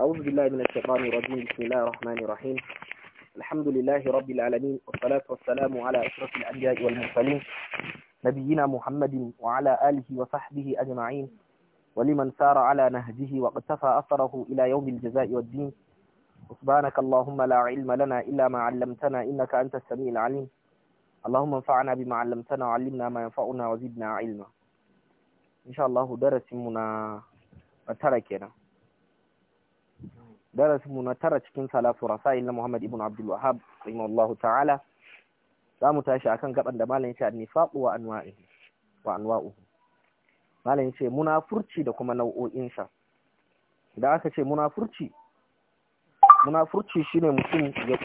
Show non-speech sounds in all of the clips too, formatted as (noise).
أعوذ بالله من الشيطان الرجيم بسم الله الرحمن الرحيم الحمد لله رب العالمين والصلاة والسلام على أشرف الأنبياء والمرسلين نبينا محمد وعلى آله وصحبه أجمعين ولمن سار على نهجه واقتفى أثره إلى يوم الجزاء والدين سبحانك اللهم لا علم لنا إلا ما علمتنا إنك أنت السميع العليم اللهم انفعنا بما علمتنا وعلمنا ما ينفعنا وزدنا علما إن شاء الله درس منا darasin mu na tara cikin salatu rasail na Muhammad ibn Abdul Wahhab rahimahullahu ta'ala za mu tashi akan gaban da malam yace an-nifaq wa anwa'ihi wa anwa'uhu malam yace munafurci da kuma nau'o'in sa idan aka ce munafurci munafurci shine mutum ya kudurci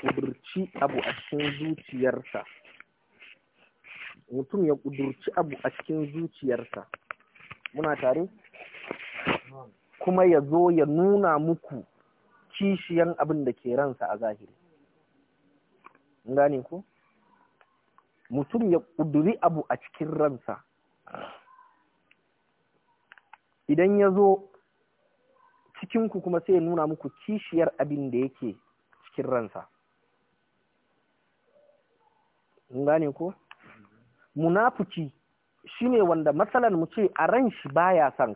abu a cikin zuciyarsa mutum ya kudurci abu a cikin zuciyarsa muna tare kuma ya zo ya nuna muku kishiyan abin da ke ransa a zahiri gane ku mutum ya ƙuduri abu a cikin ransa idan ya zo cikinku kuma sai ya nuna muku kishiyar abin da yake cikin ransa gane ko munafuki shi ne wanda matsalar mu ce a ran shi baya son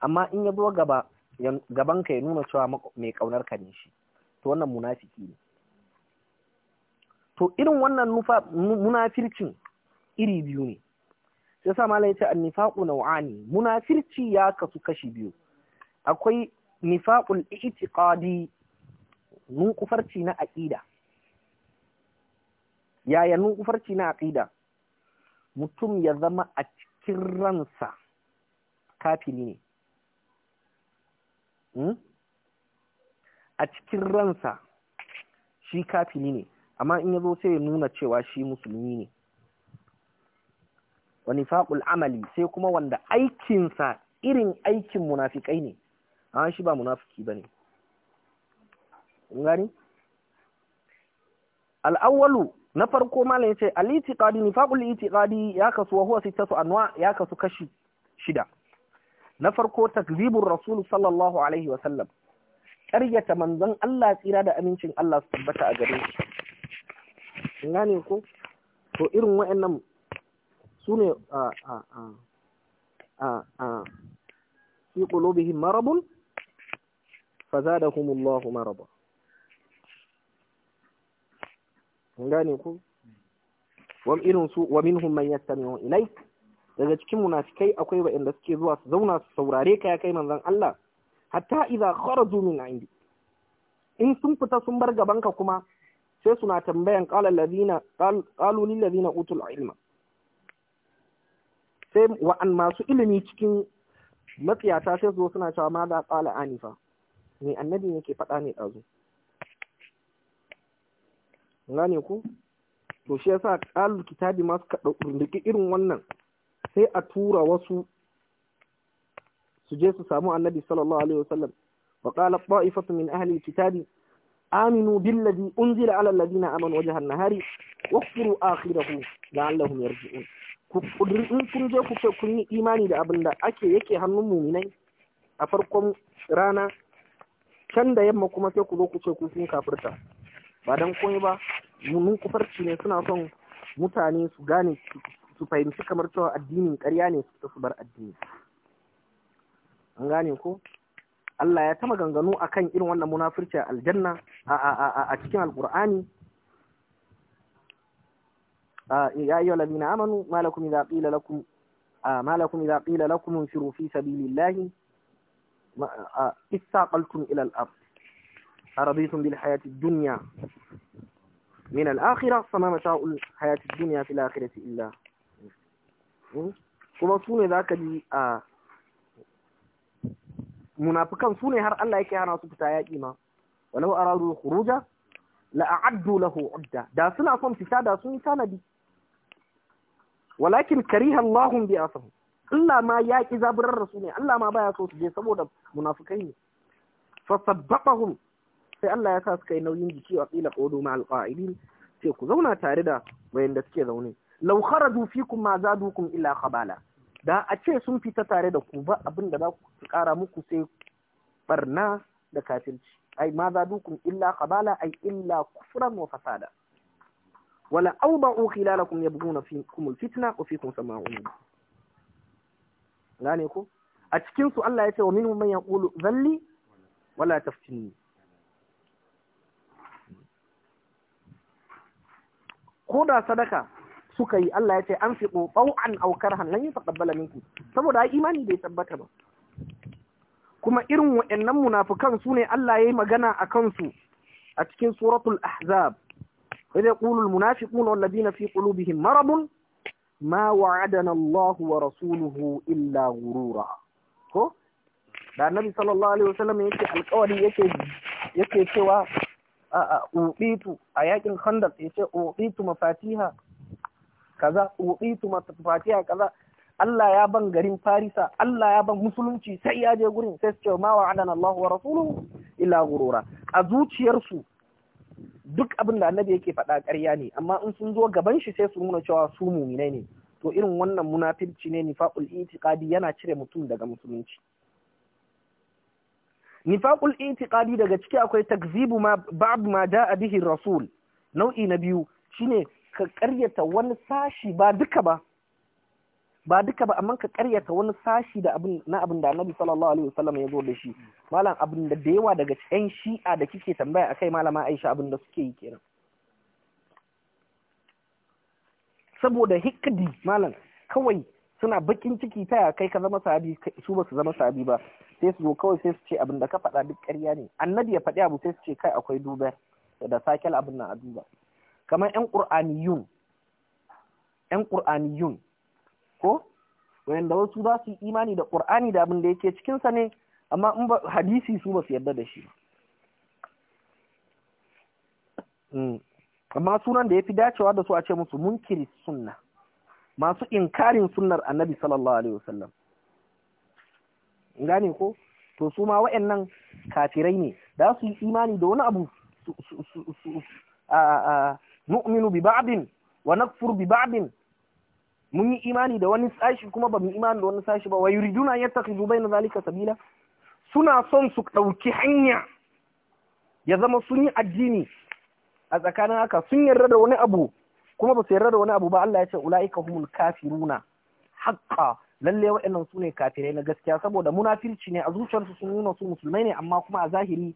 amma in ya zo gaba gaban ka ya nuna cewa mai kaunar ka ne shi to wannan munafiki ne to irin wannan munafircin iri biyu ne sai sa malai ce annifaqu nau'ani munafirci ya kasu kashi biyu akwai nifaqul i'tiqadi kufarci na aqida yaya kufarci na aqida mutum ya zama a cikin ransa kafiri ne Hmm? a cikin ransa shi kafini ne amma in yazo sai ya nuna cewa shi musulmi ne wa nifaqul amali sai kuma wanda aikinsa irin aikin munafikai ne amma shi ba munafiki bane gani al-awwalu na farko malam yace al-i'tiqadi nifaqul i'tiqadi ya kasu wa huwa sittatu anwa ya kasu kashi shida na farko takzibur rasul sallallahu alaihi wa sallam ƙaryata manzon Allah tsira da amincin Allah su tabbata a gare shi gane ko to irin waɗannan sune ne a a a a fi qulubihim maradun fazadahumullahu marada gane ko wa minhum man yastami'u ilayk daga cikin munafikai akwai waɗanda suke zuwa su zauna su saurare ka ya kai manzon Allah hatta idza kharaju min indi in sun fita sun bar gaban ka kuma sai suna tambayan qala allazina qalu lil ladina utul ilma sai wa'an masu ilimi cikin matsiyata sai zo suna cewa ma da qala anifa me annabi yake faɗa ne dazu gane ku to shi yasa qalu kitabi masu ka dauki irin wannan sai a tura wasu su je su samu annabi sallallahu alaihi wasallam wa qala ta'ifatu min ahli kitabi aminu billadhi unzila ala alladhina amanu wajha an-nahari wakfuru akhirahu la'allahum yarji'un ku kudrin kun je ku kun yi imani da abinda ake yake hannun muminai a farkon rana can da yamma kuma sai ku zo ku ce ku sun kafirta ba dan komai ba mun kufarci ne suna son mutane su gane su fahimci kamar cewa addinin ƙarya ne su su bar addini an gane ko Allah ya ta maganganu akan irin wannan munafirci a aljanna a cikin alqur'ani ya ayyuhal ladina amanu ma lakum idza qila lakum ما لكم إذا قيل لكم انفروا في سبيل الله استاقلتم إلى الأرض أرضيتم بالحياة الدنيا من الآخرة فما متاع الحياة الدنيا في الآخرة إلا Hmm? kuma su ne za ka ji a munafikan su ne har Allah yake hana su fita yaƙi ma Wani aradu khuruja la lahu udda da suna son fita da sun tanadi walakin kariha Allahum bi asahu Allah ma yaƙi zaburar rasu ne Allah ma baya so su je saboda munafikai ne fa sai Allah ya sa suka yi nauyin jiki a ƙila ƙodo ma alqa'ilin sai ku zauna tare da wayanda suke zaune law kharaju fikum ma zadukum illa khabala da a ce sun fita tare da ku ba abin da za ku kara muku sai barna da kafirci ai ma zadukum illa khabala ai illa kufran wa fasada wala awba'u khilalakum yabghuna fikum alfitna wa fikum sama'un gane ko a cikin su Allah ya ce wa minhum man yaqulu zalli wala taftini ko da sadaka suka yi Allah ya ce an fi an aukar hannan yi taƙabbala minku saboda imani bai tabbata ba kuma irin waɗannan munafukan su ne Allah ya yi magana a kansu a cikin suratul ahzab sai dai qulul munafiquna wallazina fi qulubihim maradun ma wa'adana Allah wa rasuluhu illa gurura. ko da annabi sallallahu alaihi wasallam yake alƙawari yake yake cewa a a ubitu a yakin khandaq yace ubitu mafatiha kaza uqitu a kaza Allah ya ban garin Farisa Allah ya ban musulunci sai ya je gurin sai ce ma wa'adana Allah wa rasuluhu illa gurura a zuciyarsu duk abin da annabi yake faɗa ƙarya ne amma in sun zo gaban shi sai su nuna cewa su muminai ne to irin wannan munafirci ne nifaqul itiqadi yana cire mutum daga musulunci nifaqul itiqadi daga ciki akwai takzibu ma ba'd ma da'a bihi rasul nau'i na biyu shine ka karyata wani sashi ba duka ba ba duka ba amma ka karyata wani sashi da abin na abin da Annabi sallallahu alaihi wasallam ya zo da shi malam abin da da yawa daga cikin shi'a da kike tambaya akai malama Aisha abin da suke yi kenan saboda hikdi malam kawai suna bakin ciki ta ya kai ka zama sahabi su ba su zama sahabi ba sai su zo kawai sai su ce abin da ka faɗa duk ƙarya ne annabi ya faɗi abu sai su ce kai akwai duba da sakel abin nan a duba kamar ‘yan ƙur'aniyun ‘yan ƙur'aniyun ko wanda wasu za su yi imani da ƙur'ani da abin da yake cikinsa ne amma hadisi su ba su yarda da shi hmm. amma sunan da ya fi dacewa da su a ce musu munkiri sunna masu inkarin sunnar annabi sallallahu alaihi wasallam gane ko to su ma waɗannan kafirai ne za su yi imani da wani abu a nu'minu bi ba'din wa nakfuru bi ba'din mun yi imani da wani sashi kuma ba mu imani da wani sashi ba wa yuriduna yattakhizu bayna zalika sabila suna son su ɗauki hanya ya zama sun yi addini a tsakanin haka sun yarda da wani abu kuma ba su yarda da wani abu ba Allah ya ce ulaika humul kafiruna haqqa lalle waɗannan su ne kafirai na gaskiya saboda munafirci ne a zuciyarsu sun nuna su musulmai ne amma kuma a zahiri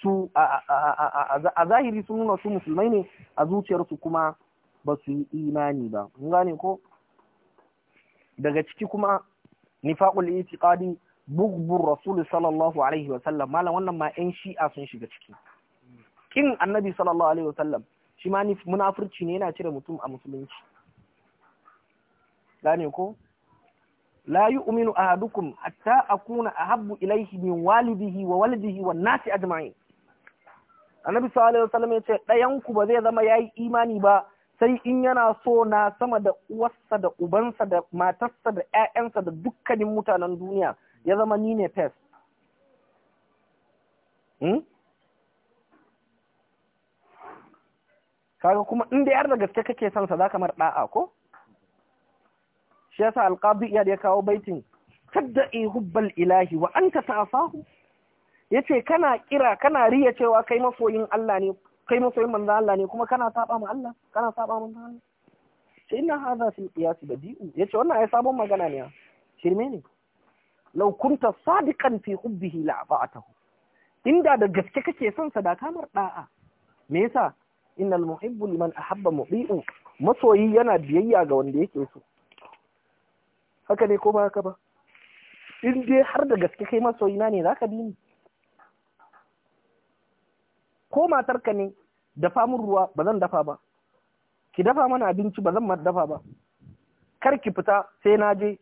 su a zahiri sun nuna su musulmai ne a zuciyarsu kuma ba su yi imani ba mun gane ko daga ciki kuma nifaqul itiqadi bughbur rasul sallallahu alaihi wa sallam malam wannan ma yan shi'a sun shiga ciki kin annabi sallallahu alaihi wa sallam shi ma munafurci ne yana cire mutum a musulunci gane ko la yu'minu ahadukum hatta akuna ahabbu ilayhi min walidihi wa waladihi wan nasi ajma'in annabi sallallahu alaihi wasallam yace ce ɗayan ku ba zai zama yayi imani ba sai in yana so na sama da uwarsa da ubansa da matarsa da ƴaƴansa da dukkanin mutanen duniya ya zama ni ne fes hmm? kaga kuma in da yar da gaske kake son sa zaka mar da'a ko shi yasa alqadi ya kawo baitin kadda hubbal ilahi wa anta sahu? Ya ce kana kira kana riya cewa kai masoyin Allah ne kai masoyin manzan Allah ne kuma kana saba ma Allah kana saba manzon Allah sai inna hadha fil qiyas badi'u ce wannan ai sabon magana ne shirme ne law kunta sadiqan fi hubbihi la'ata'ahu inda da gaske kake son sadaka mar kamar da'a me yasa innal muhibbu liman ahabba mubi'u masoyi yana biyayya ga wanda yake so haka ne ko ba haka ba in dai har da gaske kai masoyina ne zaka bi ni ko matarka ne dafa min ruwa ba zan dafa ba ki dafa mana abinci ba zan ma dafa ba kar ki fita sai na je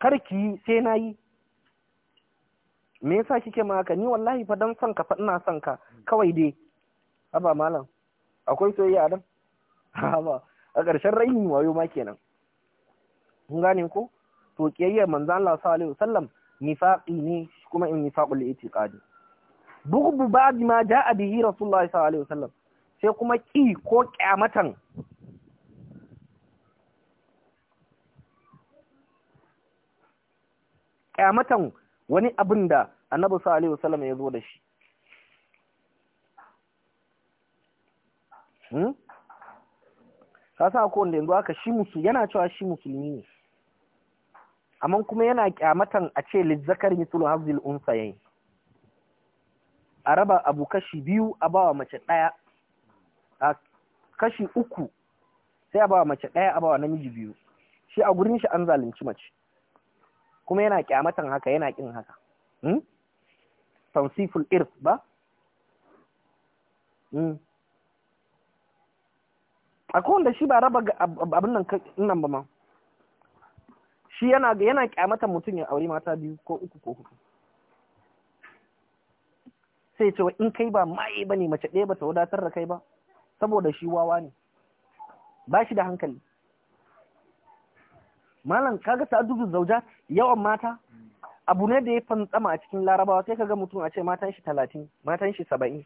kar ki yi sai na yi me yasa kike ma haka ni wallahi fa dan son ka fa ina son ka kawai dai haba malam akwai soyayya dan (laughs) haba a ƙarshen raini wayo ma kenan kun gane ko to kiyayya manzo Allah sallallahu alaihi wasallam nifaqi ne kuma in nifaqul itiqadi ba bi ma a bihi rasulullahi sallallahu alaihi wasallam sai kuma ki ko kyamatan kyamatan wani abin da annabi sallallahu alaihi wasallam ya zo da shi hmm sasa ko wanda yanzu aka shi musu yana cewa shi musulmi ne amma kuma yana kyamatan a ce lizzakar mislu hazil unsayayn a raba abu kashi biyu a bawa mace ɗaya a kashi uku sai a bawa mace ɗaya a bawa namiji biyu shi a gurin shi an zalunci mace kuma yana kyamatan haka yana kin haka hmm? tansiful irf ba hmm. akwai wanda shi ba raba abin nan nan ba ma shi yana yana kyamatan mutum ya aure mata biyu ko uku ko hudu sai cewa in kai ba maye ne, mace ɗaya ba ta wadatar da kai ba saboda shi wawa ne ba shi da hankali malam kaga ta dubu zauja yawan mata abu ne da ya fantsama a cikin larabawa sai kaga mutum a ce matan shi talatin matan shi saba'in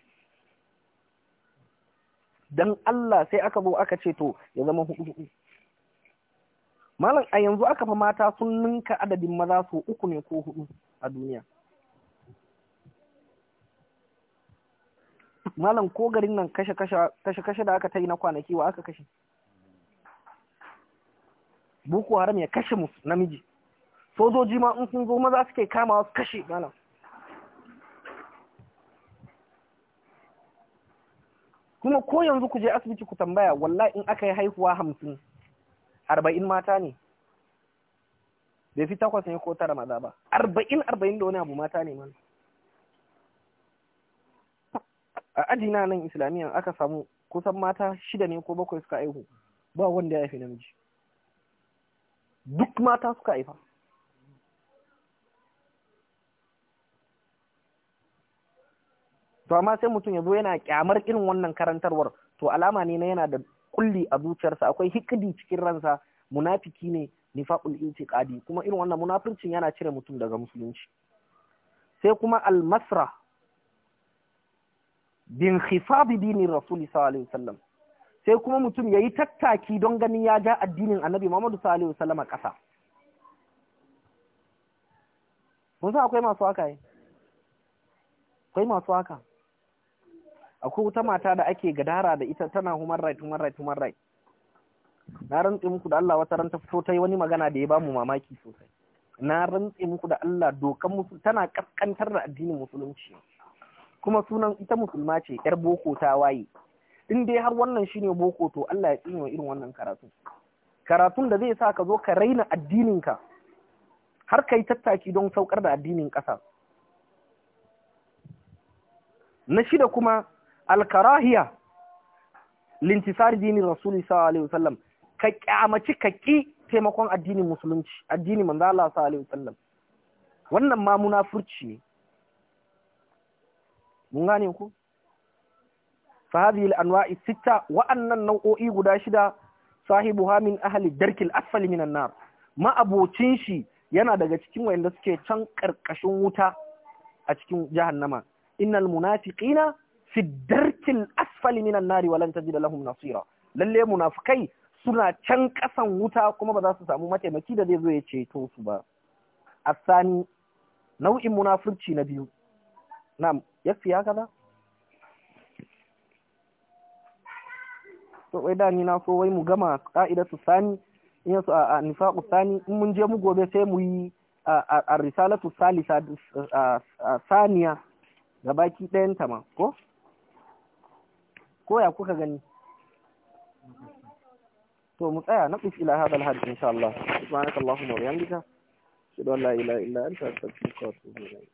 Don Allah sai aka zo aka ce to ya zama hudu hudu malam a yanzu aka fa mata sun ninka adadin maza su uku ne ko hudu a duniya malam ko garin nan kashe kashe da aka ta yi na kwanaki wa aka kashe boko haram ya kashe mu namiji sojoji ma in sun zo maza suke kama wasu kashe malam kuma ko yanzu ku je asibiti ku tambaya wallahi in aka yi haihuwa hamsin arba'in mata ne bai fi takwas ne ko tara maza ba arba'in arba'in da wani abu mata ne malam a ajina nan islamiyya aka samu kusan mata shida ne ko bakwai suka aihu ba wanda ya haifi namiji duk mata suka haifa to amma sai mutum ya zo yana kyamar irin wannan karantarwar to alama ne na yana da kulli a zuciyarsa akwai hikidi cikin ransa munafiki ne nifaqul ƙadi. kuma irin wannan munafincin yana cire mutum daga musulunci sai kuma al bin khisabi dinin rasuli sallallahu alaihi wasallam sai kuma mutum yayi tattaki don ganin ya ja addinin annabi Muhammadu sallallahu alaihi wasallam a ƙasa mun san akwai masu haka yi akwai masu haka akwai wata mata da ake gadara da ita tana human right human right human right na rantse muku da Allah wata ranta fito ta wani magana da ya bamu mamaki sosai na rantse muku da Allah dokan musu tana kaskantar da addinin musulunci kuma sunan ita musulma ce yar boko ta waye in dai har wannan shine boko to Allah ya tsinewa irin wannan karatu karatun da zai sa ka zo ka raina addinin ka har kai tattaki don saukar da addinin ƙasa na shida kuma alkarahiya lintisar dini rasuli sallallahu alaihi wasallam ka kyamaci ka ki taimakon addinin musulunci addinin manzo Allah sallallahu alaihi wasallam wannan ma munafurci ne mun gane ku fa hadhihi al-anwa'i sitta wa'annan nau'o'i guda shida sahibuha min ahli darkil asfali minan nar ma abocin shi yana daga cikin wayanda suke can karkashin wuta a cikin jahannama innal munafiqina fi darkil asfali minan nar walan tajid lahum nasira lalle munafikai suna can kasan wuta kuma ba za su samu mataimaki da zai zo ya ceto su ba asani nau'in munafurci na biyu نعم يكفي هكذا to wai da ni na so wai mu gama ƙa'idatu sani in yaso a nifaqu sani in mun je mu gobe sai mu yi a risalatu salisa saniya gabaki ɗayan ta ma ko ko ya kuka gani to mu tsaya na kusa ila hadal hadith insha Allah subhanakallahumma wa bihamdika ashhadu an la ilaha illa anta astaghfiruka wa atubu ilayk